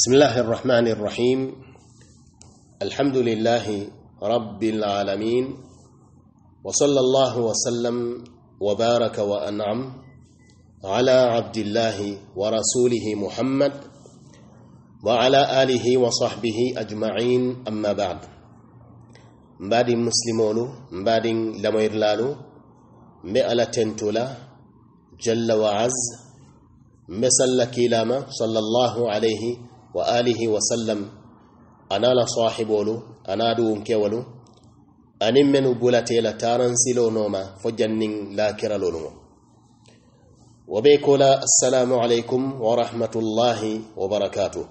بسم الله الرحمن الرحيم الحمد لله رب العالمين وصلى الله وسلم وبارك وانعم على عبد الله ورسوله محمد وعلى اله وصحبه اجمعين اما بعد مبادي مسلمون مبادي لميرلالو مئلة تنتولا جل وعز مسلك لما صلى الله عليه wa alihi wa sallam anala sahibolu anadu unkewolu anin menu bulatela taran silo noma fo la lakiralolu mo wa be assalamu aleykum wa rahmatullahi wa barakatuh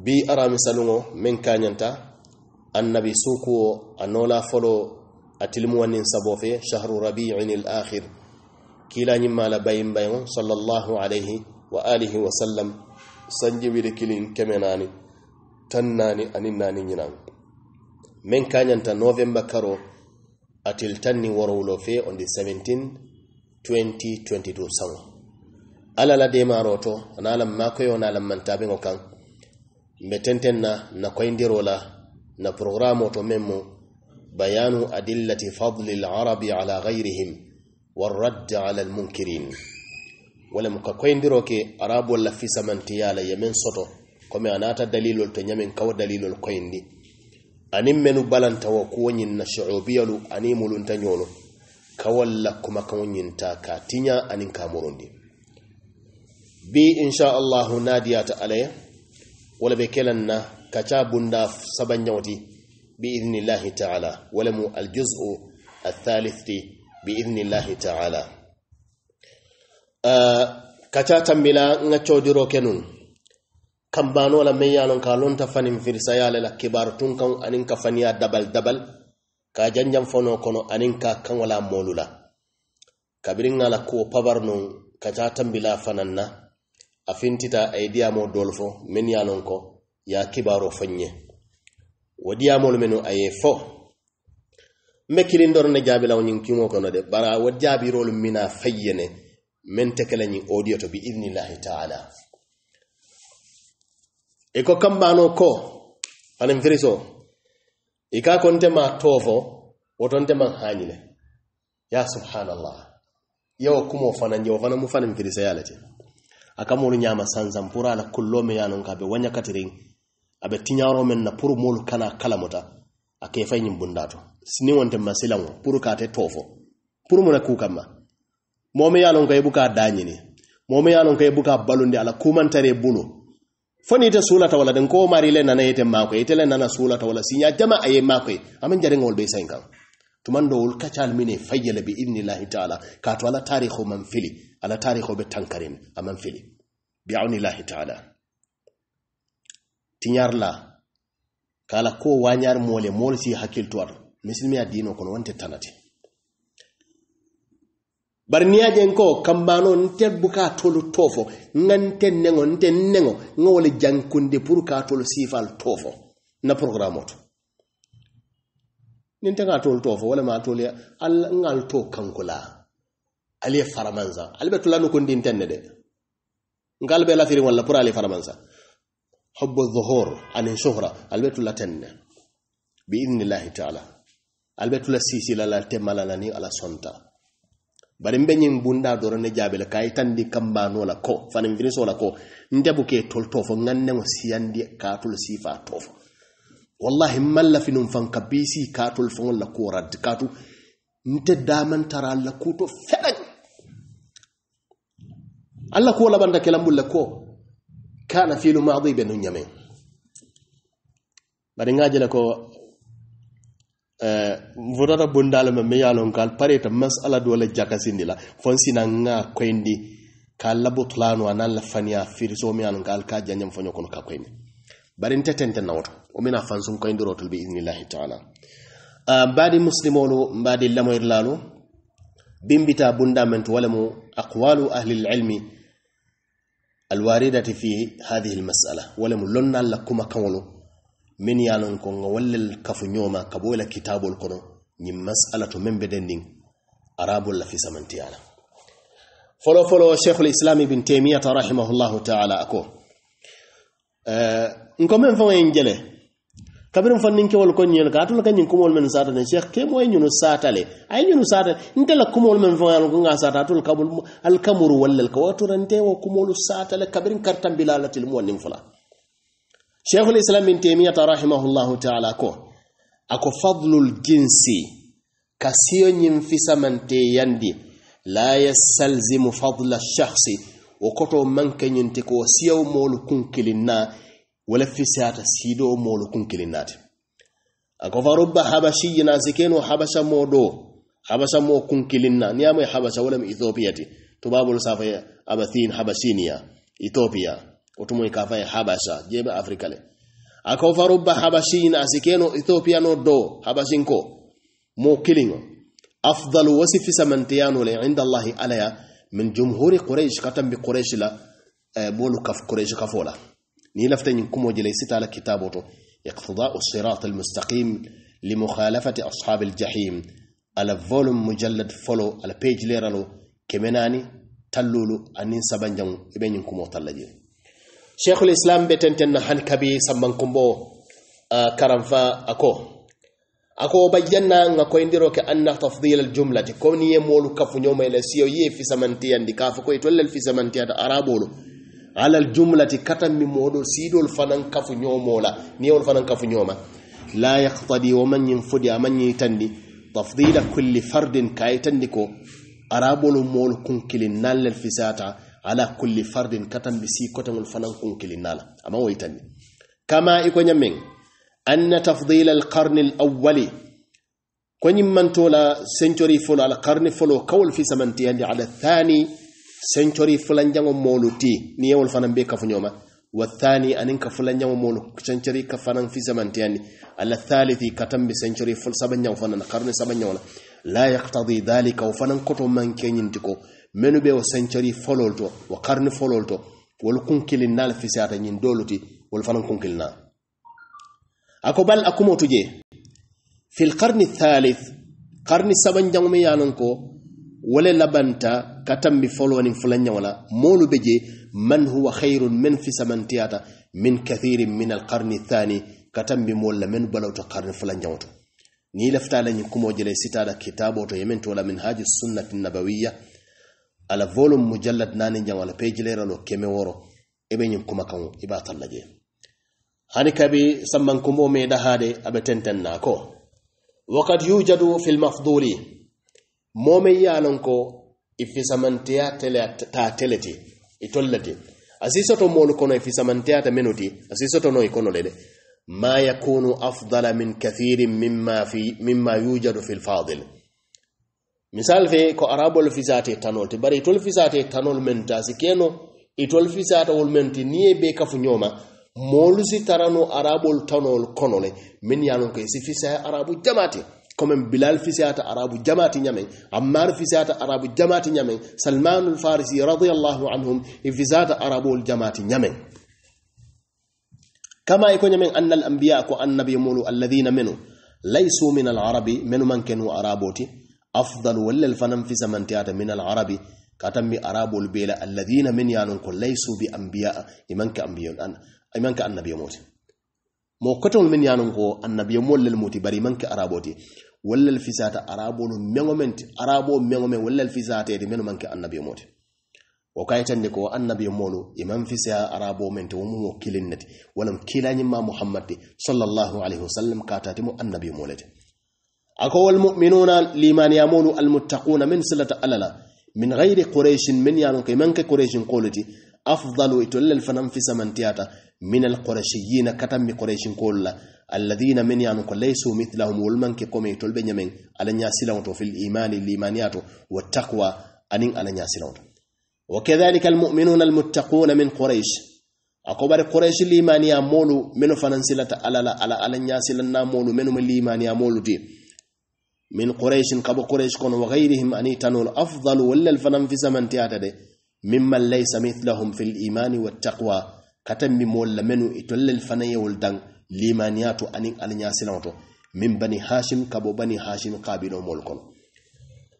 bi aramisaluŋo min kanyanta annabi sukuwo anola folo atilmu sabo sabofe shahru rabiin al akhir kilañimmala bayimbayo sallallahu alayhi wa alihi wa sallam sanji wiri kilin keme naani tan naani anin naani ñinan min kanyanta november karo atil tiltanni ni fe on the 17 2022 saŋo ala la maroto analam ana alam makoyo na alam mantabeŋo kaŋ mbe tenten na na koyindiro na programo to memmo bayanu adillati fadli arabi ala gayrihim والرد على المنكرين wala muka koyndiro ke arabol la fisamantiyala ye men soto kome a naata dalilol to ñamin kawo dalilol koyndi anin wa balantawo kuwoñin na shuubiyalu ani muluntañolu kawol la kuma kawoñinta ka tiña anin ka murundi bi insha allahu alaye wala ɓe kelan na kaca bunda saba ñawti bi idnillahi taala wala mu aljuzu athalith ti bi idnillahi taala uh, kaca tambila nga codiro kenun kambano la men yalon ka lonta fanin firsa yale la kibar tun kan anin ka faniya dabal dabal ka janjam fono kono anin ka kan wala molula kabirin nga ko pabar nun kaca tambila fanan na afintita aidiya mo dolfo men yalon ko ya kibaro fanye wadiyamolu menu a ye fo n be ne jaabilawo ñiŋ kiŋo kono de bara a wo mina fayyane. mentekele ñi audio to bi idnillahi taala iko kambano ko anan firiso ika konte ma tofo wotonte ma hanyile ya subhanallah yawo kumo fana nje fana mu fana firisa yalete akamulu nyama sanzam pura ala kullome yanon ngabe wanya katirin abe tinyaro men na puru mulu kana kalamota akefay nyimbundato sini wonte masilango puru kate tofo puru mona kukama momi lonka ya buka ne momi lonka ya buka balunde ala tare bulo foni sula ta wala den ko mari le nana yete mako ita le nana ta wala sinya jama ye mako amen jare ngol be senkan do ul kacal mine fayyal bi idnillahi ta'ala ka to ala tarikhu man fili ala tarikhu be tankarin aman fili bi aunillahi ta'ala la kala ko wanyar mole mole si hakil tuwar muslimi adino kono wonte tanati bari niŋ ye a je nko kambaanoo nte buka a tolu to fo nŋa nte neŋo nte neŋo nŋa tolu siifalu to na porogaraamo to niŋ te ŋa a tolu to fo wo tolu alla nŋa to kankula ali ye faramansa ali be tula de nka ali be lafiriŋ walla ali ye hubbu dhuhur aniŋ suhura ali be tula ten taala ali be tula la temma la la ala sonta bari mbe mbunda bunda dorone jaabele kay tandi kamba no la ko fane faniŋ so la ko ntebu ke tol tofo nganne ŋanneŋo siyandi kaatol sifa tofo wallahi malla finum fan ka bisi fon faŋol la kuwo raddi kaatu nte tara la ko to feɗaŋ alla ko kuwo labanta kelambul la ko kana filu madi be nu ñameŋ bari ngaje la ko Eh, votata bondalama ma ye lon kal pareta masala do la jakasindi la fon sina ŋa koyindi ka labo tulano a la faniya firiso me ye a lon kal ka janjam foño kono ka koyindi bari nte tente nawoto wo mena fansun koyindiro tol bi idnillahi taala uh, eh, mbaadi musilimolu mbaadi lamoyirlalu bimbita bundament walemu aqwalu ahli lilmi alwaridati fi hadihi almasala walemu lonnal la kuma kaŋolu min ye a nga ko ŋa wallel kafuñoma ka bo la kitabol kono ñiŋ masalatu meŋ be dendiŋ arabol la fisamantiya la folo folo sheikhul islam ibn taymiyata rahimahullahu taala ako eh, nko meŋ faŋo yeŋ jele kabirin fannin kewol ko ñel ka atula ka ñiŋ kumol men saata ne sheikh ke moye ñunu saata le aye ñunu saata nte la kumol men faŋo yano ko ŋa sata atul kabul alkamuru wallel ka watura nte wo kumolu sata le kabirin kartambila latil muwannin fula Sheikhul Islam bin Taymiyyah rahimahullahu ta'ala ko ako fadlul jinsi kasiyo nyimfisa mante yandi la yasalzimu fadla shakhsi wokoto manke nyinte ko siyo molu kunkilina wala fisata sido molu kunkilina ako faruba habashi na habasha modo habasha mo kunkilinna niyamo habasha wala ethiopia ti tubabul safa abathin habashiniya ethiopia otumo ikavaye habasa jeba afrika le akofa rubba habashina asikeno ethiopia no do habasinko mo kilingo afdalu wasifi samantiyano le inda allah alaya min jumhuri quraish katam bi quraish la bolu kaf quraish kafola ni lafta nyin kumo jele sita la kitabo to iqtida'u sirat almustaqim limukhalafati ashab aljahim ala volume mujallad follow ala page leralo kemenani tallulu anin sabanjamu ibe nyin kumo tallaje cheikhul islam be tenten han kabi sambankumbo uh, karanfa ako ako bayyanna nga ko indiro ke anna tafdil aljumla ko ni e molu kafu nyoma ile sio ye fi samanti andi kafu ko itolle fi samanti ada arabolo ala aljumla katam mi modo sidol fanan kafu nyomola ni on fanan kafu nyoma la yaqtadi wa man yinfudi man yitandi tafdil kulli fardin kaytandi ko arabolo molu kunkilin nalal fi sata ala kulli fardin katan bisi kotaŋol fanaŋ kuŋ kilinnala ama woyitandi kama i ko ñammeŋ anna tafdila alqarni alawali koñiŋ mantola sentori folo ala karni folo kawol fi samantiyandi ala thani century fulanjaŋo moolu ti niŋ yewol fanaŋ be kafuñoma thani أن إنك فلان يوم مول سنتري كفنان في زمن تاني على الثالث كتم بسنتري فل سبن يوم فنان قرن سبن يوم لا يقتضي ذلك وفنان كتم من كين ينتكو menu be o century fololto wa karne fololto folol to wol kunkilin nal fisata ñin doluti wol fanan kunkilina ako bal akumotu je fil qarni thalith qarni saban jangumi yanon ko wole labanta katambi folwanin fulan nyawla molu beje man huwa khairun min fi saman tiata min kathirin min al alqarni thani katambi moolu la men balawto qarni fulan nyawto ni laftala ñin kumo jele sitada kitabo to yemen to la min haji sunnati nabawiyya ala volum mujallad nani jam ala page leralo keme woro ebe nyin kuma kan iba tallaje hani kabi samman kumbo me da hade abe tenten na ko waqad yujadu fil mafduli momen yalon ko ifisamantiya tele ta teleti itollati asisoto molu kono ifisamantiya ta menuti asisoto no ikono lede ma yakunu afdala min kathirin mimma fi mimma yujadu fil fadil misal fe ko arabol fisate tanol te bari itol fisate tanol men ta sikeno itol fisata wol men ti niye be kafu nyoma molu tarano arabol tanol konole min yalon ko si fisa arabu jamati comme bilal fisata arabu jamati nyamen ammar fisata arabu jamati nyamen salman al farisi radiyallahu anhum ifisata arabul jamati nyamen kama iko nyamen anna al anbiya ko annabi mulu alladhina minu laysu min al arabi minu man kanu araboti afdal wallal fanan fi zamantiyata min al-arabi mi arabul bela alladhina min yanunkun laysu bi anbiya imanka anbiya an imanka annabiy mut mo kotol min yanunko annabiy annabiya lil moti bari man manka araboti wallal fisata arabul mengoment arabo mengomen wallal fisata de men manka annabiy mut o kayitanni ko annabiya molu iman fisa arabo men to mo kilinnati walam kilanyima muhammad sallallahu alaihi wasallam katati mo annabi molete ako walmuminuna liman yamolu almuttaquna min silata alala min gayri qurayshin min yanon koye manke qurayshin koloti afdalu itollel fanan fisamantiyata min alqurashiyina katanmi qurayshin kolu la alladina min yanon ko laysu mithlahum wolmanke kome itol ɓe ñamen ala ñasilawo to fil imani limaniya to wa taqwa anin ala ñasilawo to wa kadhalika almuminuna almuttaquna min quraysh akobare quraishi limaniya molu menu fanan silata alala ala ala ñasilanna molu menu ma limaniya molu ti من قريش قبل قريش كون وغيرهم أن يتنوا الأفضل ولا الفنان في زمن تياتده ممن ليس مثلهم في الإيمان والتقوى كتم مول منو إتول الفنية والدن ليمانياتو أنين ألنياسلانتو من بني هاشم كبو بني هاشم قابلوا مولكم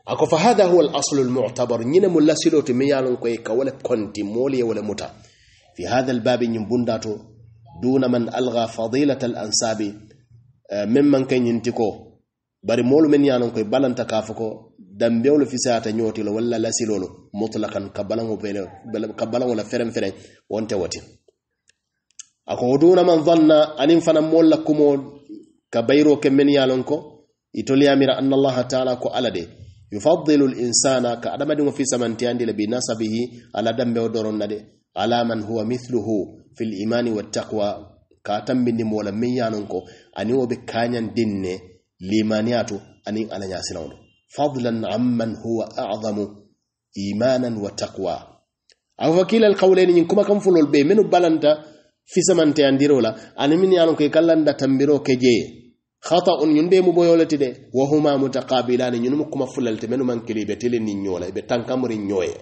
أكو فهذا هو الأصل المعتبر نينا ملا سيلوتي ميالون كويكا ولا كنتي مولي ولا متى في هذا الباب ينبنداتو دون من ألغى فضيلة الأنساب آه، ممن كان ينتكو bari moolu men ye non balanta ka fo ko dambewolu ta ñootilo walla lasilolu mutlakan ka balaŋo kan ka balaŋo la feren fereŋ wonte woti a ko duna man na aniŋ fanaŋ moolu la kumo ka bayiro ke men ye ko itolu yamira anna allaha taala ko ala de yufadilu linsana ka adamadiŋo fi samantiyandi le binasabihi ala dambewo doron na de ala man huwa mithluhu fi limani wattaqwa ka tambindi moo la meŋ ye ko aniŋ wo be kañandin ne limaniyato ani ala ñasilawɗo fadlan amman huwa adamu imanan wa taqwa awa fa kila alqawlaini ñin kuma kam fulol ɓe minu balanta fisamante andirola ani min yano koye kallanda tambiro ke jeye hata on ñun ɓe mu boyolati de wa huma mutaqabilani ñun mu kuma fulalte menu mankili ɓe tili nin ñoola ɓe tankamurin ñoye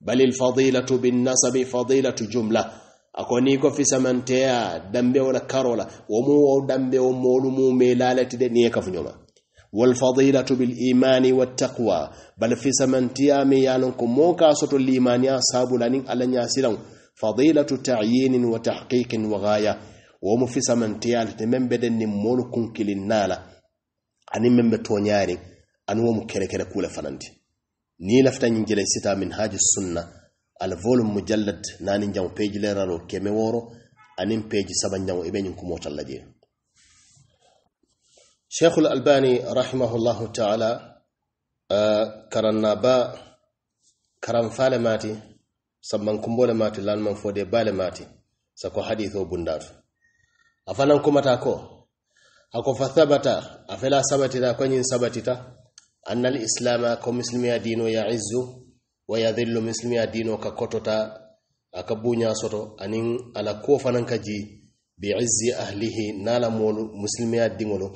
bal lfadilatu binnasabi fadilatu jumla akoni ko fisamanteya dambe wala karola womu wo dambe wo molu mu melalati niye kafuñoma والفضيلة بالإيمان والتقوى بل في سمنتيا ميالنكم موكا سوتو الإيمان يا صابو لانين على نياسيلان فضيلة تعيين وتحقيق وغاية ومو في سمنتيا لتمن بدن مولكم كلنالا أني من بتونياري أن ومو كركرة كولا فنانتي ني لفتن جلستا من هاج السنة alvolum mujallad nani jamu page leralo keme woro anin page saba jamu e benin kumo tallaje Sheikh al-Albani rahimahullah ta'ala uh, karanna ba karan fale mati sabban kumbole mati lan man fode bale mati sako hadithu bundatu afanan kuma tako ako fathabata afela sabatita kwenye sabatita anna al-islama kwa muslimi ya dino ya wa yadhillu min silmiya dino ka kotota aka bunya soto anin ala kofanan fanan ka ji bi izzi ahlihi nala molu muslimiya dingolo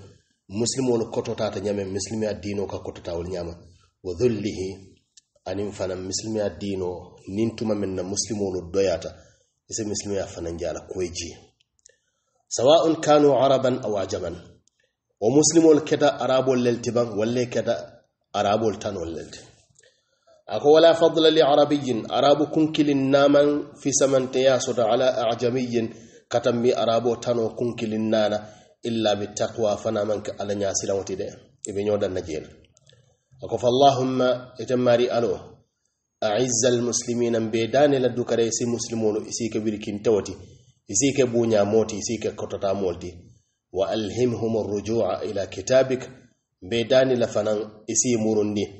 muslimolu kotota ta nyame muslimiya dino ka kotota wol nyama wa dhullihi anin musulmi muslimiya dino ni tuma min na muslimolu doyata ise muslimiya fanan jala koyji sawa'un kanu araban aw ajaban wa muslimol keda arabol leltiban walle keda arabol tanol lelti أكو ولا فضل لعربي أراب كنكل ناما في سمن تياسد على أعجمي كتمي أرابو تانو كنكل نانا إلا بالتقوى فنامنك على نياسي لوتي ابن يودا نجيل أكو فاللهم إتماري ألو أعز المسلمين بيدان لدوك ريسي مسلمون إسيك بركين توتي إسيك بونيا موتي إسيك كتتا مولتي وألهمهم الرجوع إلى كتابك بيدان لفنان إسي مرندي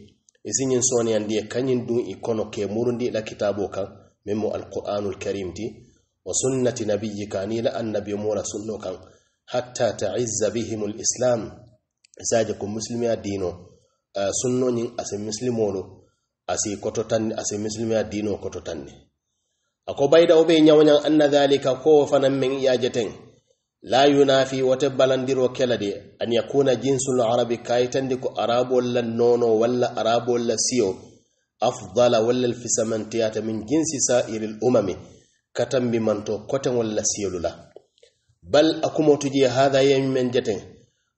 isiñin soniyan ndiye kañin ɗum i kono ke murundiɗa kitabo kan min mo alqur'anul karim ti wa sunnati nabiyika ni la annabi mora sunno kan hatta taizza bihim l islam ku ko muslimiya dino eh, ase muslimo muslimolu ase koto tanne asi muslimiya dino koto tanne ako bayda o ɓe anna dhalika ko fanan min yajeten la yunafi wata balandiro de an ya yakuna jinsul arabi tandi ko arabu la nono walla arabu la siyo afdala walla alfisamantiyata min jinsi sa'iril umami katambi manto koten walla siyolula bal akumotuji hadha yemin jaten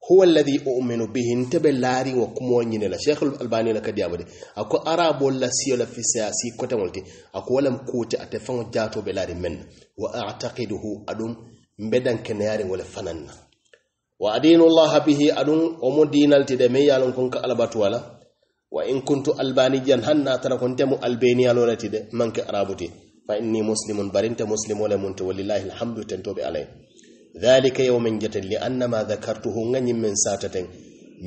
huwa alladhi u'minu bihi ntabe laari wa kumo nyine la sheikh albani la kadiya bade ako arabo la siyo la fi siyasi koten walti ako walam kuti atefan jato be laari men wa a'taqiduhu adum mbedan keneyari wala fananna wa adinu allah bihi adun omo dinal tide me yalon wala wa in kuntu albanijan hanna tara kon temu albania lolati de manke arabuti fa inni muslimun barinta muslimu la mun wallahi alhamdu tantobi alay dhalika yawmin jatan li anna ma dhakartuhu ngani min satatin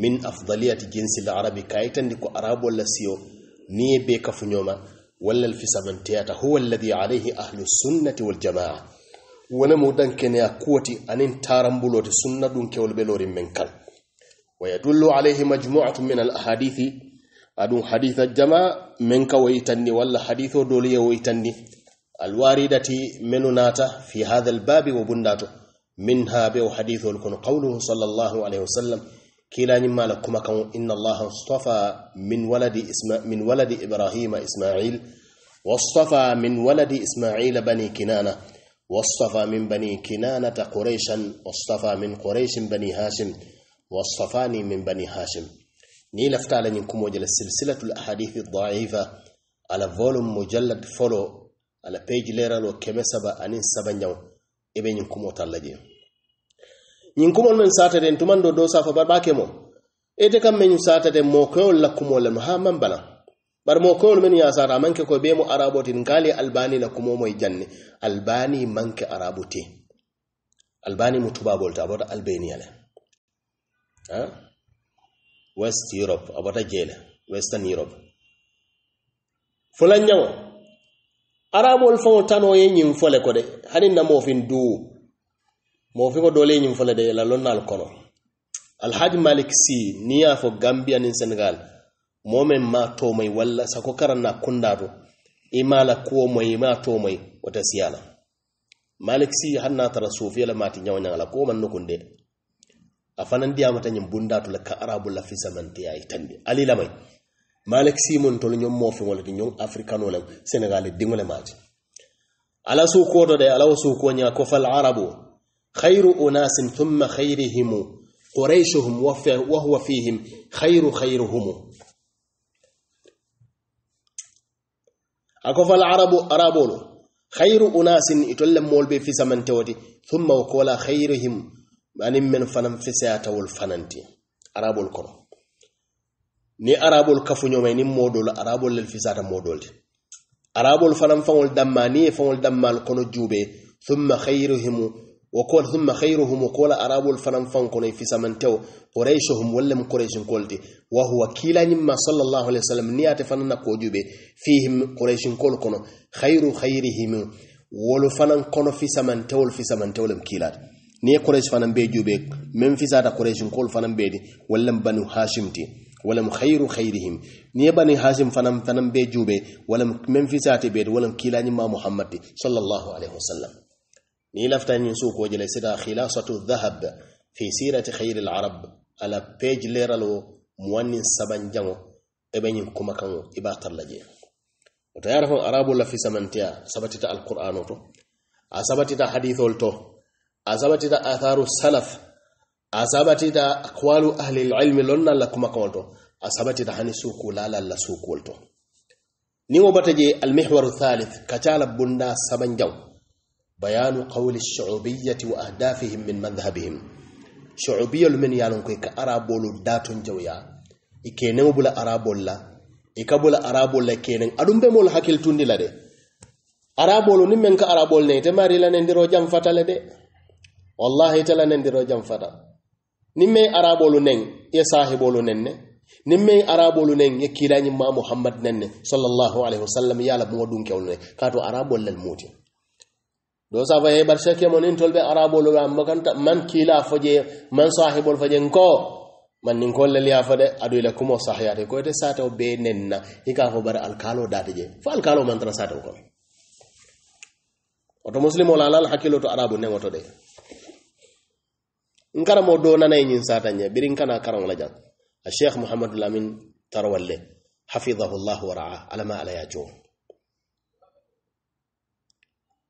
min afdaliyati jinsi alarabi kaitan ko arabu la siyo ni be kafu nyoma walla alfisabantiyata huwa alladhi alayhi ahlu sunnati wal jamaa wani wonemo dankeneya koti anin tarambulote sunna ɗum kewol ɓe lorin men dullo wa yadullu alayhi majmuatu min al ahadithi aɗum haditha jama men ka woyitanni walla hadith o ya woyitanni alwaridati menu naata fi hatha babi wa bundato minha be o hadithol kono qawluhu sallllahu alayhi wa sallam kilañimmala kuma kan inna allah stafa min waladi, isma, min waladi ibrahima ismail واصطفى min waladi isma'il bani kinana واصطفى من بني كنانة قريشا واصطفى من قريش بني هاشم واصطفاني من بني هاشم نيل افتعل نكم وجل سلسلة الأحاديث الضعيفة على فولوم مجلد فولو على بيج ليرال وكمسبة أنين سبنجو إبن نكم وطلجي نكم من ساتدين تمندو دوسا فبرباكمو ite kam men satade mo kewol lakkumol len ha man bala bar mo koyol men yasata manke ko be mo arabo te ngali albani la kumomo e janne albani manke arabo te albani mo tubabol ta bota albania la ha west europe abota jela western europe fulan nyawo arabo ol fon tano ye nyim fole ko de hani na mo fin du mo fi ko dole nyim fole de la lonnal kono alhaj malik si niya fo gambia ni senegal momen ma mai walla sako na kundato imala e ko mai ma mai wata siyala malik si hanna tara la mati la ko man nokunde a dia diyamata nyim bundatu la ka arabu la fisamanteya i tandi ali lamay malik si mun tolu mo mofiŋo le ti nyom africano la senegal di ngole mati ala su do de ala su ko nya ko fal arabu khairu unas thumma khairuhum quraishuhum wa huwa fihim khayru khayruhum akofa alarabu arabolo khairu unasin itolle molbe fi samantewti thumma waqala khairuhum anin men fanan fi sayatawul fananti arabul kono ni arabul kafu nyomay ni modol arabul lel fi sata modol arabul fanan fangol damma ni fangol dammal kono jube thumma khairuhum وقول ثم خيرهم وقول أراب الفنان فانكون في سمنتو قريشهم ولم قريش قلت وهو كلا نما صلى الله عليه وسلم نيات فنان كوجوبي فيهم قريش قلقون خير خيرهم ولو فنان كون في سمنتو في سمنتو لم كيلات ني قريش فنان بيجوبي من في سادة قريش قول فنان بيدي ولم بنو هاشم تي ولم خير خيرهم ني بني هاشم فنان فنان بيجوبي ولم من في ساتي بيد ولم كلا نما محمد صلى الله عليه وسلم ni lafta yin su ko jele sida khilasatu dhahab fi sirati khayr al arab ala page leralo muwannin saban jango e yin kuma kan ibatar laje to yarafon arabu la fi samantiya sabatita al to a sabatita hadithol to a sabatita atharu salaf a sabatita aqwalu ahli al ilmi lonna la kuma kan to a sabatita hani su ko la la su ko to ni wo bata je mihwaru thalith kacala bunda saban jango bayanu qawli shu'ubiyyati wa ahdafihim min madhhabihim shu'ubiyyul min yalon kai ka arabolu datun jawya ikene bula arabolla ikabula arabolla kenen adum be mol hakil tun la de arabolu ni men ka arabol ne te mari la nendiro jam fatale de wallahi tala diro jam fata ni mai arabolu nen ya sahibolu nen ne nin nen ya neŋ ye kiilañiŋ ma muhammad nenne ne sallallahu alaihi wasallam ye a la buŋo duŋ kewolu ne kaatu araabolu lel do saba e bar sake mon en tolbe arabol la makanta man kila foje man sahibol foje ko man nin kolle liya de adu ila kumo sahiyate ko te sataw be nenna hika ko bar alkalo date je fa kalo man tan sataw ko oto muslimo la al hakilo to arabu ne ngoto de ngara mo do nana yin satanye birin kana karan la jang الشيخ محمد الأمين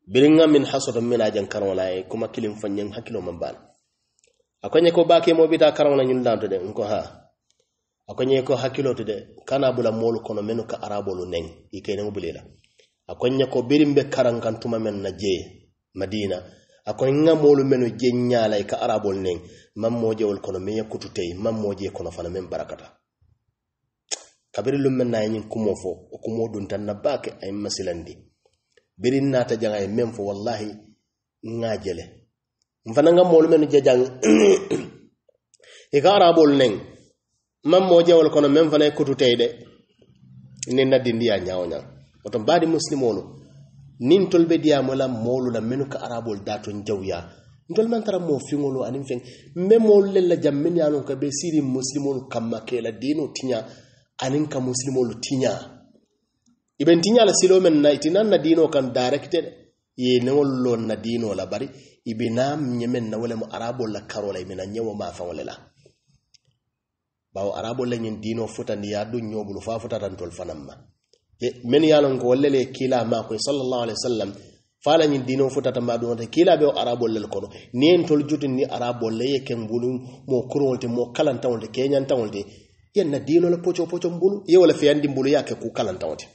biringa min hasoto min ajan karola e kuma kilin fanyen hakilo man bana akonye ko baake mo bita karola nyun lanto de nko ha akonye ko hakilo to de kana bula molu kono menu ka arabolu nen ikene bulela akonye ko birimbe karan kan tuma men na je madina akonnga molu menu je nyaala e ka arabol nen mam moje wol kono meya kututey mam moje kono fana men barakata kabirilum men nayin kumo fo o kumo dun tan na baake ay masilandi berin nata janga e men fo wallahi ngajele mfana nga molu men jajang e ka ara bol neng mam mo jawol kono men fana ko tu teyde ni na dindi ya nyaaw nyaaw oto baadi muslimono nin tolbe diya mala molu la menu ka ara bol dato njawya ndol man tara mo fingolo anim fen me molu lella jam men yaalon ka be siri muslimono kamma kela dino tinya anin ka muslimono tinya iben tin ala silo men na iti nan na dino kan directe de ye newollo na dino la bari ibe nam nyemen na wolemo arabo la karola ibe na nyewo ma fa wolela bawo arabo la nyen dino futa ni yadu nyobulu fa futa tan tol fanamma e men yalo ngo wolele kila ma ko sallallahu alaihi wasallam fa la nyen dino futa tan ma dunata kila be arabo lel kono ni en tol jutin ni arabo le ye ken bulu mo kurolte mo kalanta wolde kenyanta wolde yen na dino la pocho pocho mbulu ye wala fiyandi mbulu yake ku kalanta wolde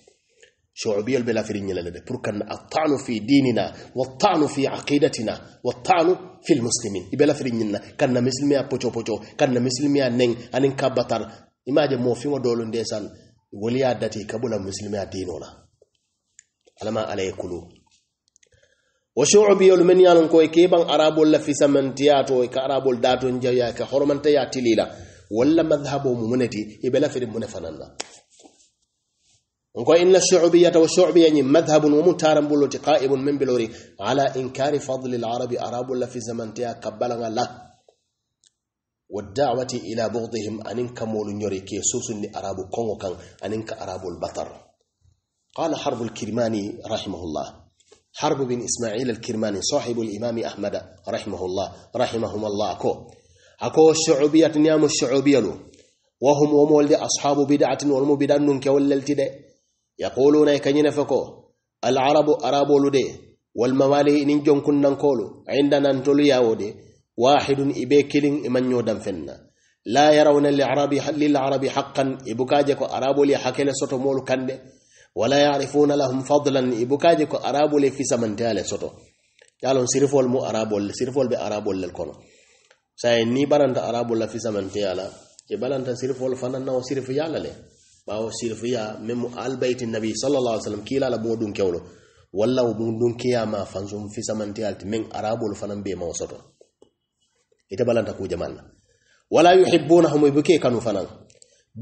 شعوبية البلا فرين يلالد بركن الطعن taanu fi والطعن في taanu fi في المسلمين taanu فرين ينا كان مسلمي بوچو بوچو كان مسلمي نين انين كبتر imaje mo fiŋo doolu ndesan woliya dati kabula musilimiya diino la alama ala ye kulu wo shuubiyolu men ye lon ko ke baŋ arabol la fisamantiyato ka arabol daton jawya ka horomanta ya tili walla madhabo mu mu ne i be نقول إن الشعبية والشعبية مذهب ومتارم بلوتي من بلوري على إنكار فضل العرب أراب الله في زمن تيا قبلنا له والدعوة إلى بغضهم أنك مول يريكي سوس لأراب كونغو كان أنك أراب البطر قال حرب الكرماني رحمه الله حرب بن إسماعيل الكرماني صاحب الإمام أحمد رحمه الله رحمهما الله أكو أكو الشعوبية نيام الشعوبية له وهم ومولد أصحاب بدعة والمبدان ننك واللتدئ yaquluna kanyina fako al arabu arabu lude wal mawali nin jonkun nan kolu indana ntolu yawode wahidun ibe kilin imanyo dan fenna la yarawna lil arabi lil arabi haqqan ibukaje ko arabu li hakele soto molu kande wala ya'rifuna lahum fadlan ibukaje ko arabu li fi samantale soto yalon sirifol mu arabol sirifol be arabu lel kono sai ni baranta arabu la fi samantale ke balanta sirifol fanan na sirfu yalale bawo silfiya memu albayt nabi sallallahu alaihi wasallam kila la bodun kewlo walla bodun kiyama fanzum fi samanti alt min arabul fanan be mawsato ita balanta ku jamal wala yuhibbunahum ibuke kanu fanan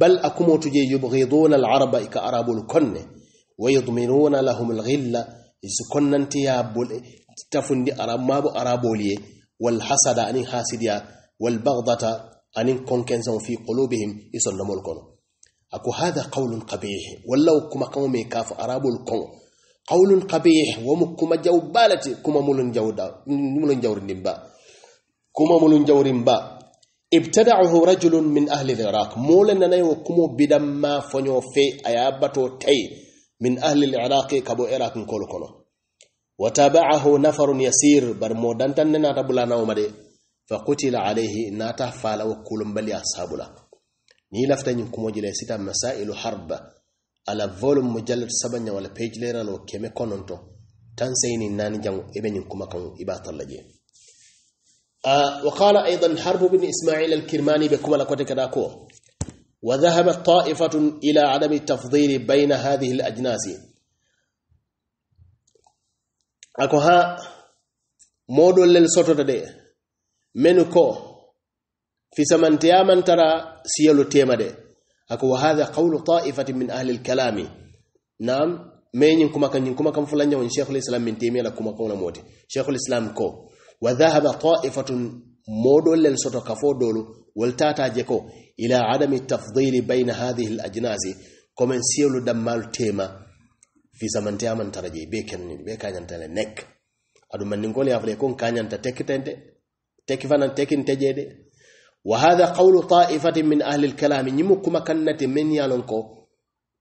bal akumu tuje yubghiduna al araba ka arabul konne wayadminuna lahum al ghilla iskunnanti ya bul tafundi arab mabu araboliye wal hasada anin hasidiya wal baghdata anin konkensan fi qulubihim isonnamol kono ako hadha qawlun qabih wallau kuma kama me kafu arabul kon qawlun qabih wa mu kuma jawbalati kuma mulun jawda mulun jawrin ba kuma mulun jawrin ba ibtada'ahu rajulun min ahli al-iraq molan nanay wa kuma bidan ma fonyo fe ayabato tay min ahli al-iraq kabo iraq kolo kono wa tabi'ahu nafarun yasir bar modantan nana tabulana o made fa qutila alayhi nata fala wa kulum bali ashabula ni lafta ñiŋ kumoji la sita masailu harba ala volume mujallad sabanya wala page leralo keme kononto tan sayni nani jango ibe ñiŋ kuma kaŋo i b'a talla je وقال أيضا حرب بن إسماعيل الكرماني بكما لكوتي كداكو وذهبت طائفة إلى عدم التفضيل بين هذه الأجناس أكو ها مودو للسوتو تدي منو كو fi tiyaman tara siyalu temade de wa hadha qawlu ta'ifatin min ahli al-kalami nam menyin kuma kan kuma kan fulanya wani shaykhul islam min temi la kuma kona moti shaykhul islam ko wa dhahaba ta'ifatun modollen soto kafo dolu wal tata je ko ila adami tafdhil bayna hadhihi al-ajnazi komen siyalu damal tema fi tiyaman tara je be kan be kanyan tale nek adu man ningol ya fle kon kanyanta ta tekitente tekifanan tekin tejede وهذا قول طائفة من أهل الكلام نمكما كنت من يالنكو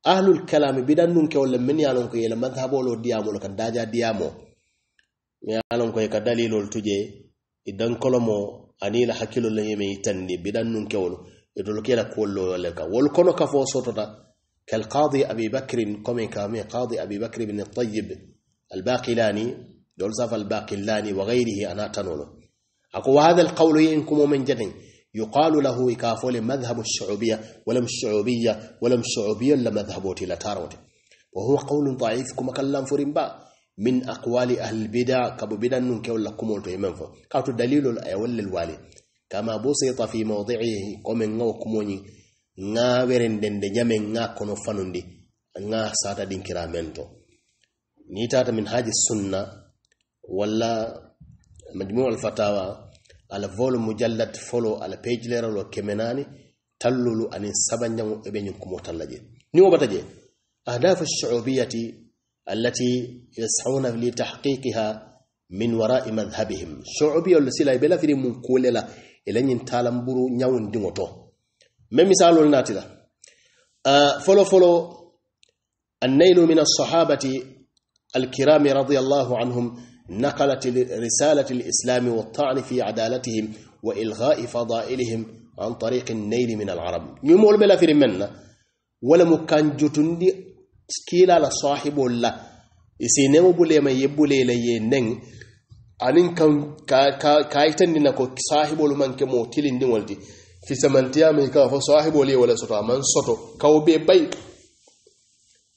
أهل الكلام بدن بدنك ولا من يالنكو يلا مذهب ولو ديامو لكن داجا ديامو يالنكو يكا دليل التجي إدن كلمو أني لحكيلو ليمي تني بدنك ولو يدلوك يلا كولو لك والكونو كفو صوتنا كالقاضي أبي بكر كومي كامي قاضي أبي بكر بن الطيب الباقي لاني دول زاف لاني وغيره أنا تنولو أقوى هذا القول ينكم من جدين يقال له يكافول مذهب الشعوبية ولم الشعوبية ولم الشعوبية لما تلا لتاروتي وهو قول ضعيف كما كلام فرنبا من أقوال أهل البدع كبو بدع ننكيو لكم ولتيمنفو كاتو دليل الأول الوالي كما بسيط في موضعه قومن نو كموني nga werendende ñame nga kono fanundi nga sata dinkira mento ni tata min haji sunna walla majmu' al-fatawa على فول مجلد فولو على بيج ليرا لو كمناني تلولو أن سبنجمو إبن يكمو تلاجي نيو بتجي أهداف الشعوبية التي يسعون لتحقيقها من وراء مذهبهم شعوبية اللي سيلا يبلا في المنكوليلا إلا ينتالم برو نيو ندموتو ممي سألو الناتلة فولو فولو النيل من الصحابة الكرام رضي الله عنهم نقلت رسالة الإسلام والطعن في عدالتهم وإلغاء فضائلهم عن طريق النيل من العرب يمول بلا في رمنا ولا مكان جتندي سكيلا لصاحب الله يسينيو بولي ما يبولي لي نين anin kan kayitan dina ko sahibolu man ke motilin din walti fisamantiya mai kawo sahibolu ya wala soto man soto kawo bai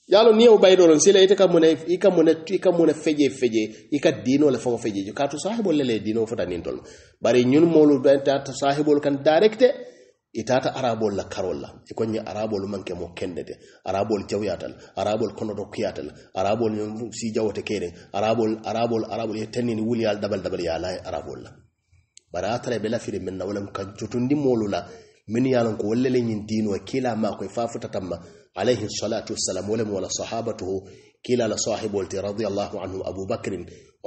yalo ni o bayro ron sila ite ka mona ika mona ika mona feje feje ika dino la fo feje ka to sahibol le le dino fo tanin tol bari nyun molu ben ta to sahibol kan directe itata arabol la karolla e ko nyi arabol manke mo kendete arabol jawyatal arabol kono do kiyatal arabol si jawote kere arabol arabol arabol e tanin wulyal dabal dabal ya la arabol la bara tare bela firi men na wala kan jotundi molula min yalon ko wallele nyin dino e kila ma ko e fafuta tamma عليه الصلاة والسلام ولم ولا صحابته كلا لصاحب ولت رضي الله عنه أبو بكر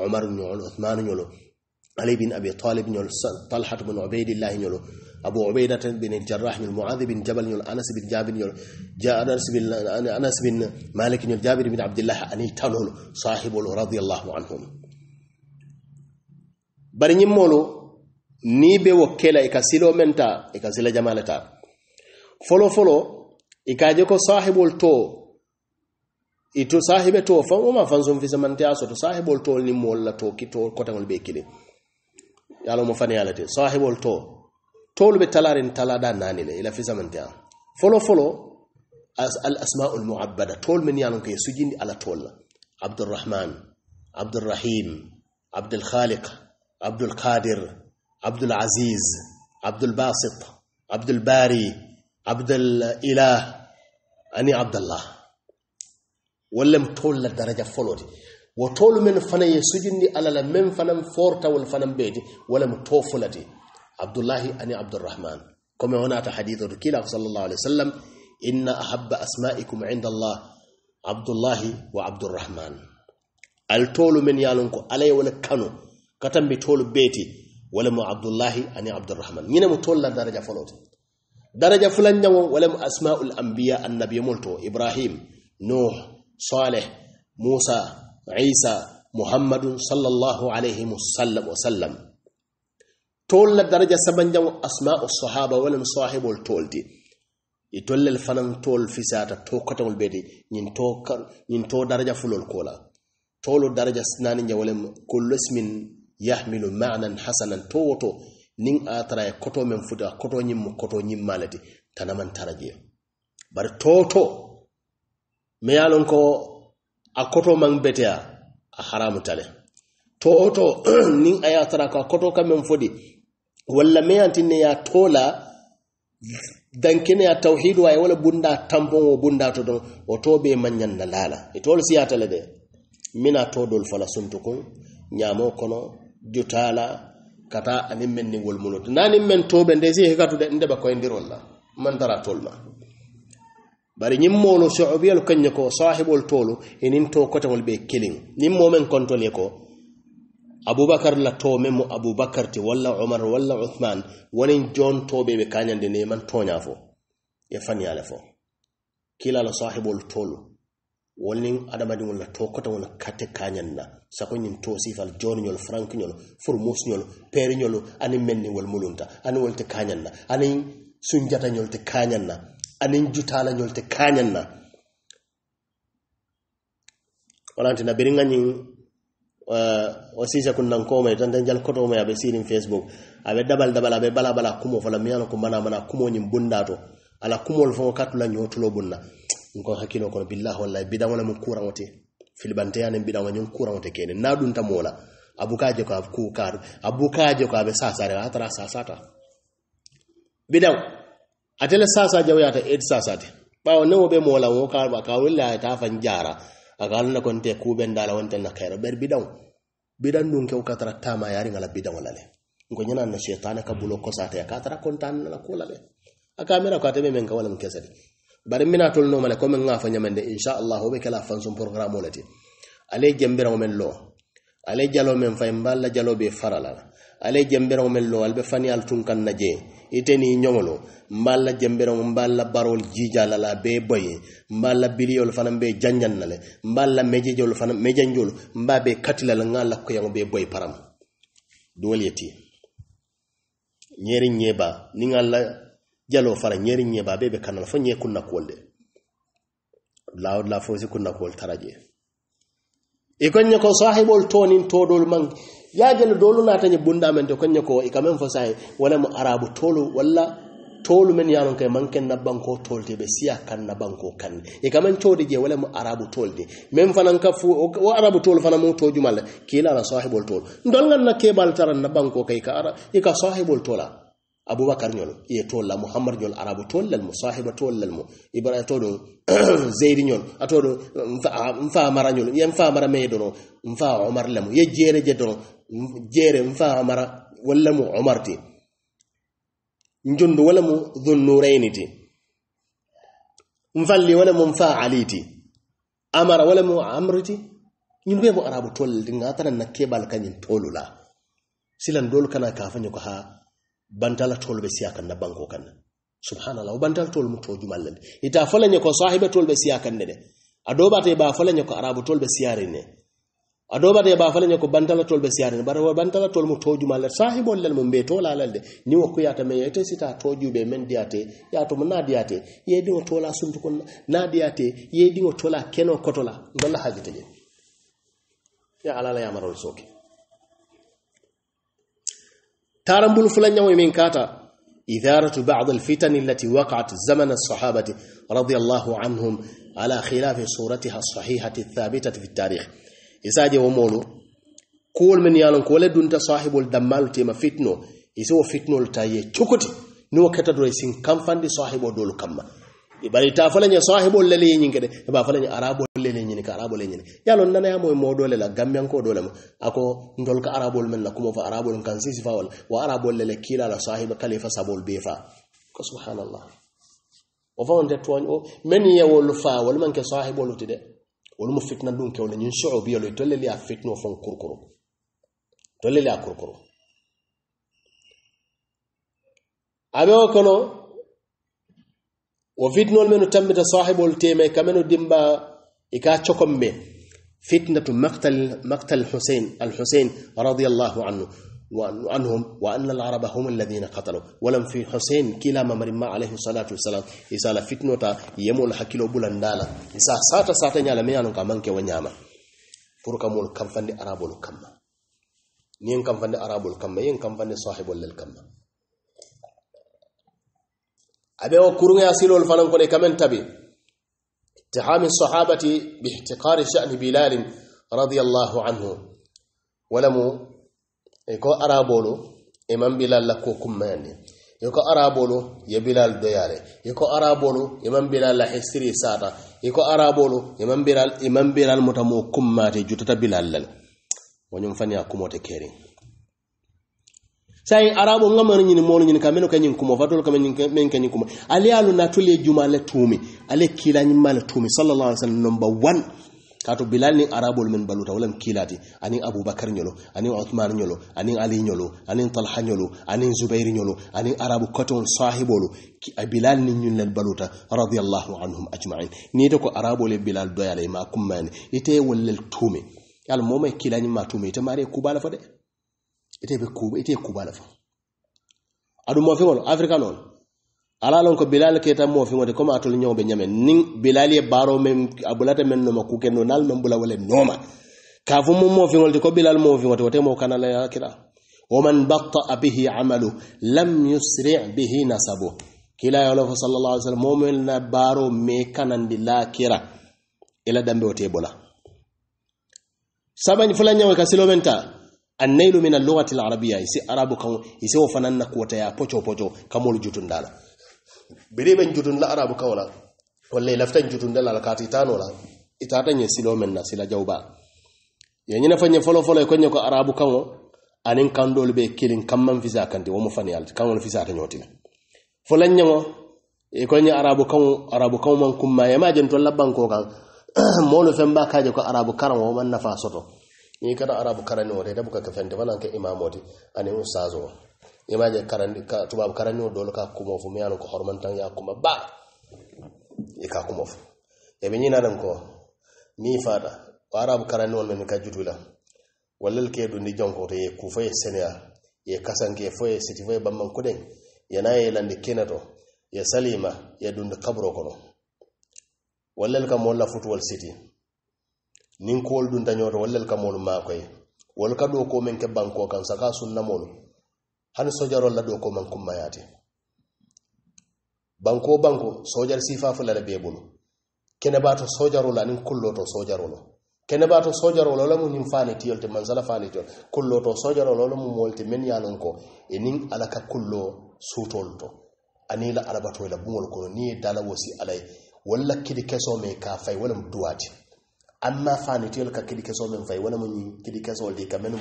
عمر بن عثمان يلو علي بن أبي طالب يلو طلحة بن عبيد الله يلو أبو عبيدة بن الجراح بن معاذ بن جبل يلو أنس بن جابر يلو جاء أنس بن أنس بن مالك يلو جابر بن عبد الله أني تنول صاحب ولو رضي الله عنهم bari ñiŋ moolu niŋ i be wo ke la i ka ko sahibul to ito sahibe to fa o ma fanzo mfisa mante aso to sahibul to ni molla to to ko tangol be kile yalo mo fani yalate sahibul to tolu be talarin talada nani le ila fisa mante folo folo as al asmaul muabbada to men yalon ke sujindi ala tolla abdurrahman abdurrahim abdul khaliq abdul qadir abdul aziz abdul basit abdul bari abdul ilah ani abdallah wallem tol la daraja foloti wo tolu men fana ye sujindi ala la men fanan fortawol fanan beeti walem to fulati abdullahi ani abdurrahman comme honata hadithoto kiilako sallllahu alih wa sallam inna ahabba asma'ikum inda allah abdullahi wa abdurrahman al tolu men yalon ko alaye wala kano katambe tolu beeti walemo abdullahi ani abdurrahman ñine mo tol la daraja foloti daraja fulanñaŋo walem asmaul ambiya annabiyemol to ibrahim nuh saleh musa isa muhammadun sallallahu alayhi wasallam wasallam tol la daraja sabanjaŋo asmau sahaba walem sahibol tol ti itollel fanan tol fisata to kotaŋol bedi ñin to daraja fulol kola tolu daraja sinani jawalem kullu ismin yahmilu manan hasanan to woto nin a tara e koto men futi a koto ñimmo koto ñimmalati tanaman tarajeyo bare toto mi yalon ko a koto man beteya a haramu tale toto nin a ya tara ko a koto kam men fodi walla meyantinne ya tola dankene ya tawhidu ay wala bunda tampon o bunda to don o tobe manyan na lala e tolo siya tale de mina todol fala suntukun nyamo kono jutala kata anin men niŋ wolu munuti naaniŋ men toobe nde si hekatu de nde be koyindirol la man tara tol ma bari ñiŋ moolu soobiyolu kaŋ ñe ko sahibolu tolu eniŋ to koteŋolu be kiliŋ niŋ moo meŋ kontole ko abubakar la to meŋ mu abubakar ti walla umar walla uthman woniŋ joon toobe be kañandi ne man tooña fo ye faniya kila la sahibolu tolu wonin adamadin wala to kota wala kate kanyan na sako nin to sifal jor nyol frank nyol formos nyol per nyol ani menni wal mulunta ani wal te kanyan na ani sunjata nyol te kanyan na ani jutala nyol te kanyan na walanti na biringa nyin uh, eh, wasi sa kun nan komai tan tan jal koto mai abe sirin facebook abe dabal dabal abe bala bala kumo fala miyano kumana mana kumo nyin bundato ala kumo lfo katula nyotulo bunna ngon hakino ko billahi wallahi bidan wala kura wote filibanteyane bidan wanyun kura wote kene na nadu ntamola abukaje ko ku kar abukaje ko abe sasa re atara sasa ta bidan atela sasa jawya ta ed sasa sasate bawo no be mola wo kar ba ka wala ta fan jara aga agalna kon te ku ben dala wonte na kairo ber bidan bidan dun ke ukatara tama yari ngala bidan wala le ngon nyana na shetana kabulo ko sata ya katara kontan na kula le akamera ko ateme men ka wala mkesadi bari mina tol no mane comme nga fa nyamande insha allah be kala fan son programme o lati ale jembira o men lo ale jalo men fay mballa jalo be farala ale jembira o men lo albe fani al tun kan naje iteni nyomolo mballa jembira o mballa barol jijala la be boy mballa biliol fanam be janjan nale mballa mejejol fanam mejanjol mbabe katila la ngala ko yango be boy param do yeti nyeri nyeba ni ngala jalo fara nyeri nye ba bebe kanal fo nye kunna kolde lawd la fo si kunna kol taraje e nye ko sahibol tonin todol man ya jalo dolu na tanye bunda men to konye ko e kamen fo sai wala mu arabu tolu wala tolu men yalon kay ken na banko tolte be siya kan na banko kan e kamen todi je wala mu arabu tolde men fanan ka fu o arabu tol fana mu to jumal kila la sahibol tol ndol ngan na kebal taran na banko kay ka ara e ka sahibol tola abubakar ñol ye to la muhammad ñol arabu to la musahiba to la mu ibra to do zayd ñol ato do mfa mara ñol ye mfa mara me do mfa umar lamu ye jere je do jere mfa mara wala mu umar ti wala mu dhun mfalli wala mu mfa ali amara wala mu amr ñun be arabu to la dinga tanan na kebal kanyin tolula silan dol kana kafa ko ha bantala tolbe na banko kanna subhanallah bantal tol mu to jumal lan ita fala ko sahibe tol be siya kan de adoba te ba fala ko arabu tol be siyari ne adoba te ba fala ko bantala tol be siyari ne baro bantala tol mu to jumal lan sahibol lan mu be to la de ni wo ko yata me yete sita to jube men diate ya to mun diate ye dingo tola suntu kon na ye di dingo tola keno kotola ngalla hajite je ya alala ya marol soke tarambul fulan nyawo min kata idharatu ba'd alfitan allati waqa'at zaman as-sahabati radiyallahu anhum ala khilaf suratiha as-sahihati ath-thabitati fi at-tarikh isaje wo kul min yalon ko dunta sahibul dammal tima fitno iso fitno taye chukuti no kata do sin kamfandi sahibo dol kamma ibari ta falanya sahibul lele yingede ba falanya arabo lele ka arabol e ñin ye lon nanayamo e moɗole la gambianko ɗole mo ako ndol ka arabol men la kumo fa arabol kan sisi fawol wa arabol lele kilala sahiba kalifa sabol be fa ko subhanallah o fawonte toñ o men yewol fawol manke sahibolti de wolumo fitna ɗum kewle ñin soobiyolo e tolle li a fitno fon kurkuru tolle li a kurkuru aɓe o kono o fitnol men o tambita sahibol teme kamen o dimba إكا به فتنة مقتل مقتل الحسين الحسين رضي الله عنه عنهم وأن العرب هم الذين قتلوا ولم في حسين كلا ممر ما عليه الصلاة والسلام إسالة فتنة يمول حكيلو بلندالا إسا ساتا ساتا نيالا ميانو كمانك ونياما فرقا مول كم كمفند أرابولو لكم نين كم كمفند أرابولو كما ين كمفند صاحب الليل كما أبي وكرون ياسيلو الفنان كوني كمن تبي اتهام الصحابة باحتقار شأن بلال رضي الله عنه ولم يكو أرابولو إمام بلال لكو كماني يكو أرابولو يبلال ديالي يكو أرابولو إمام بلال لحسري ساتا يكو أرابولو إمام بلال إمام بلال متمو كماتي جتتا بلال لن ونيم فاني أكمو sai arabo ngamani nyini molu nyini kameno kanyin kuma fatol kamen men kanyin kuma ali alu na juma le tumi ale kila nyi mal tumi sallallahu alaihi wasallam number 1 kato bilal ni arabol men baluta wala kilati ani abubakar nyolo ani uthman nyolo ani ali nyolo ani talha nyolo ani zubair nyolo ani arabu katon sahibolo bilal ni nyun lel baluta radiyallahu anhum ajma'in ni to ko arabole bilal doyale ma kumman ite wala tumi yal momay kila ma tumi ite mare kubala fade ite kuba ite kuba la fa adu mo fi won afrika non ala lon ko bilal ke ta mo fi ngode ko ma to nyaw be nyame nin bilal ye baro men abulata men no makuke no nal men bula wala noma ka fu mo mo fi ngode ko bilal mo fi ngode wote mo kana la kira wa man batta bihi amalu lam yusri bihi nasabu kila ya lafa sallallahu alaihi wasallam mo'min na baro me kanan di la kira ila dambe wote bula sabani fulanya wa kasilomenta annailu min al-lughati al-arabiyya isi arabu kan isi wo fananna kota ya pocho pocho jutun dala bire ben la arabu kan wala wallahi laftan dala lakati tano la itata ye silo na sila jawba ya nyina fanye folo folo ko ko arabu kan anin dol be kilin man visa kandi wo mo fani al kan wala visa ta nyotila folan nyango e nyi arabu kan arabu kan man kumma yama jentu labban ko kan molo femba je ko arabu karam wo man nafa soto ni kada arabu karani wore ita buka kafende wala nke imam wote ani usazo imaje karani ka tuba karani dole ka kuma fu miyano ko hormantan ya kuma ba e ka kuma fu e be nyina dan ko ni fada arabu karani wala ni ka jutula wallal ke du ni jonko te ye fay ye senya ye kasange fo siti sitifa ye bamman kuden yana ye lande kenato ya salima ya dunda kabro kono wallal ka molla futwal city nin kool dunta ñoto wallel kamolu makoye wol ka ɗo ko men ke banko kan saka sunnamolu hani sojarol la ɗo ko man kummayate banko banko sojar sifa fulala be bulu kene bato sojarola nin kulloto sojarolo kene bato sojarolo lamu nin fani tiyolte mansala fani tiyol kulloto sojarolo lamu molte men yalon ko e nin alaka kullo sutol to anila alabatoyla bugol kono ni dala wosi alay walla kidi keso me ka fay walam duwati anna fani tiyol ka kidi keso men fay wala mo nyin kidi keso di ka men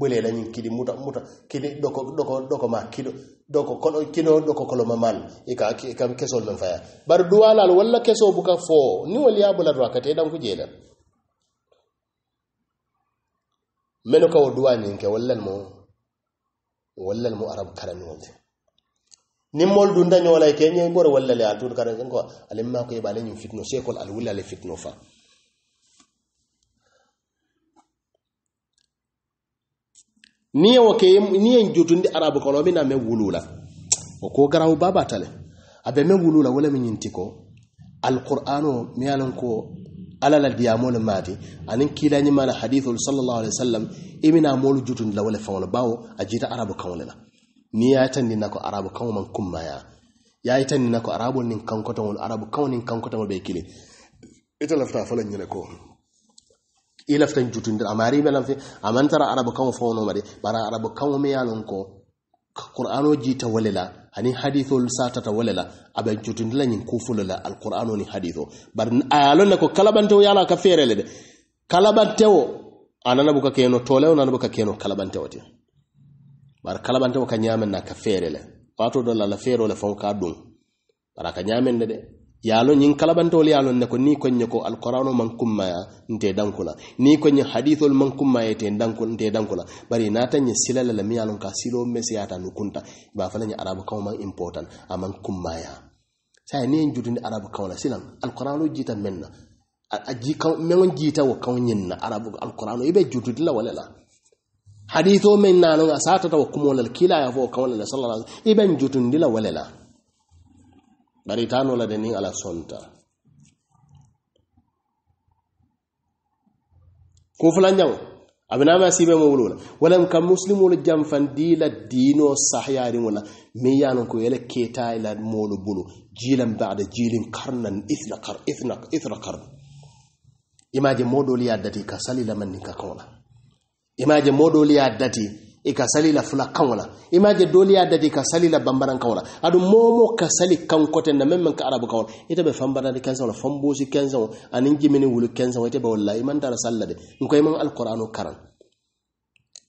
bole la nyin kidi muta muta kidi doko doko doko ma kido doko kono kino doko kolo mamal e ka kam keso men fay bar duwala wala keso buka fo ni wali ya bula dwa kate dan ku jela meno ka duwa nyin ke wala mo wala mo arab karami wonte nin mol dunda nyola ke nyen bor wala le atur karan ko alimma ko e balen nyin fitno sekol al wala le fitno fa niyo ke niyo jutundi arabu kolo mina me wulula o ko garaw baba tale abe me wulula wala min yintiko alqur'ano mi yalan ko alal diyamol maati anin kilani mala hadithul sallallahu alaihi wasallam imina molu jutundi la wala fawla bawo ajita arabu kawlela niya tan dinna ko arabu kaw man kumma ya ya tan dinna ko arabu nin kankoto wala arabu kaw nin kankoto be kile itala fala nyene ko i laftan jutundira amari be lanfe amantara arabu kaŋo fawno made bara arabu kan me ye ko qur'ano jita wole ani hani hadithol ta wole la jutun dira ñin kufulo la alqur'ano ni haditho bar a ye ne ko kalabantewo ye ala ka feere le de kalabantewo anana buka keno tolewo nana buka keno kalabantewo ti bara kalabantewo ka ñamen na ka feere le wato do la la feero le faŋo ka duŋ bara ka ñamen de de yalon yin kalabantol yalon ne ko ni konye ko alqur'anu man kummaya nte dankula ni konye hadithul man ya te dankula nte dankula bari na tanye silala la miyalon ka silo mesiyata nukunta ba fa falanya arabu kaw man important aman ni sai ne ni arabu kaw la silan alqur'anu jita menna aji kaw mengon jita wo kaw nyin na arabu alqur'anu ibe jutu la wala la haditho men nanon asata ta kumo lal kila ya fo kaw la sallallahu alaihi wasallam iben dila wala la bari tanola de niŋ ala sonta kufulanjaŋo a abina ma sibe mo wulu walam ka musilimolu janfandi la diinoo sahayariŋo la miŋ ye mi yanu ko yele keta ila moolu bulu jiilan bada jilin qarnan ithna kar ithna ithra qarn imaje modoli doolu ye dati ka sali la ka kaŋo imaje modoli doolu dati i e ka sali la fula kaŋo la i maŋ je doolu ya a dati i ka sali la bambaraŋ kaŋo la aduŋ moo moo ka sali kaŋ kote na meŋ meŋ ka arabu kaŋo la ite be fambarandi kenseŋo la famboosi kenseŋo aniŋ jimini wulu kenseŋo ite be wolu la i maŋ tara sali la de nko i maŋ karaŋ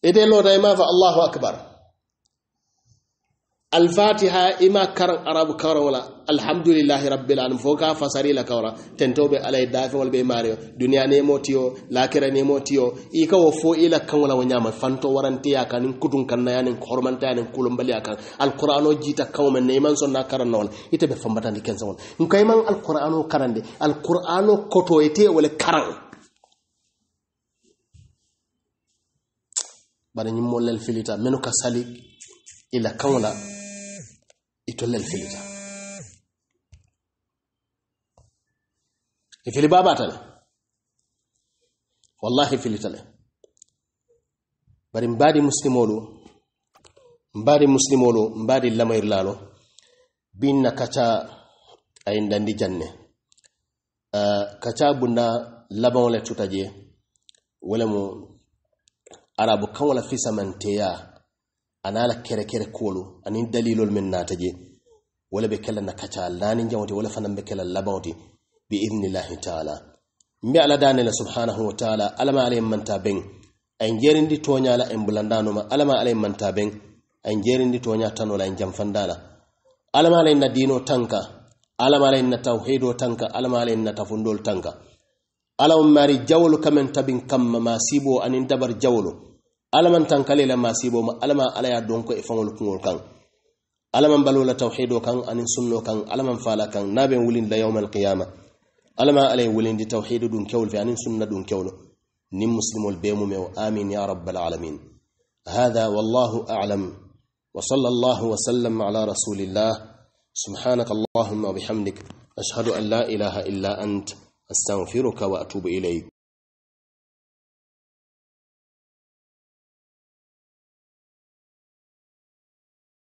ite loota i maŋ fa allahu akbar alfatiha ima karan arabu kawra wala alhamdulillahi rabbil alamin fo ka fasari la kawra tentoɓe alay dafewol ɓe maari o duniya ne o lakira ne o i ka wo fo ila wala wanya ma fanto waranteya kan nin kutun kannaya nin hormantaya nin kulombaliya kan alqur'an o jiita kawo men ne iman sonna karanna wala ite ɓe fambatandi kensewol nka iman karan o karande alqur'an o koto ete wala karan bara filita menu ka sali ila kanwola itolea alfiliza ifili baba tale wallahi filitale bari mbadi muslimolu mbadi muslimolu mbadi lalo binna kaca ay ndandi janne uh, kaca bunda labanwo le tutaje wala mu arabu kan wala fisamanteya anala kere kere kolu anin dalilol men nataje wala be kala nakacha lani jawti wala fanan be kala labawti bi idnillahi ta'ala mbi ala danela subhanahu wa ta'ala alama alay manta ben en jerindi toñala en bulandanoma alama alay manta ben en jerindi toña tanola en jamfandala alama alay na dino tanka alama alay na tawhido tanka alama alay na tafundol tanka alaw mari jawlu kamen tabin kamma masibo anin dabar jawlu alaman man tankale la masibo ma alama ala ya donko e fangol kungol kan alaman man balola tawhido kan anin sunno kan alaman fala kan nabe wulin la yawmal qiyama alama ala wulin di tawhido dun kewul fi anin sunna dun kewlo nim muslimol be mu mew amin ya rabbal alamin هذا والله أعلم وصلى الله وسلم على ala rasulillah سبحانك اللهم وبحمدك أشهد أن لا إله إلا أنت أستغفرك وأتوب إليك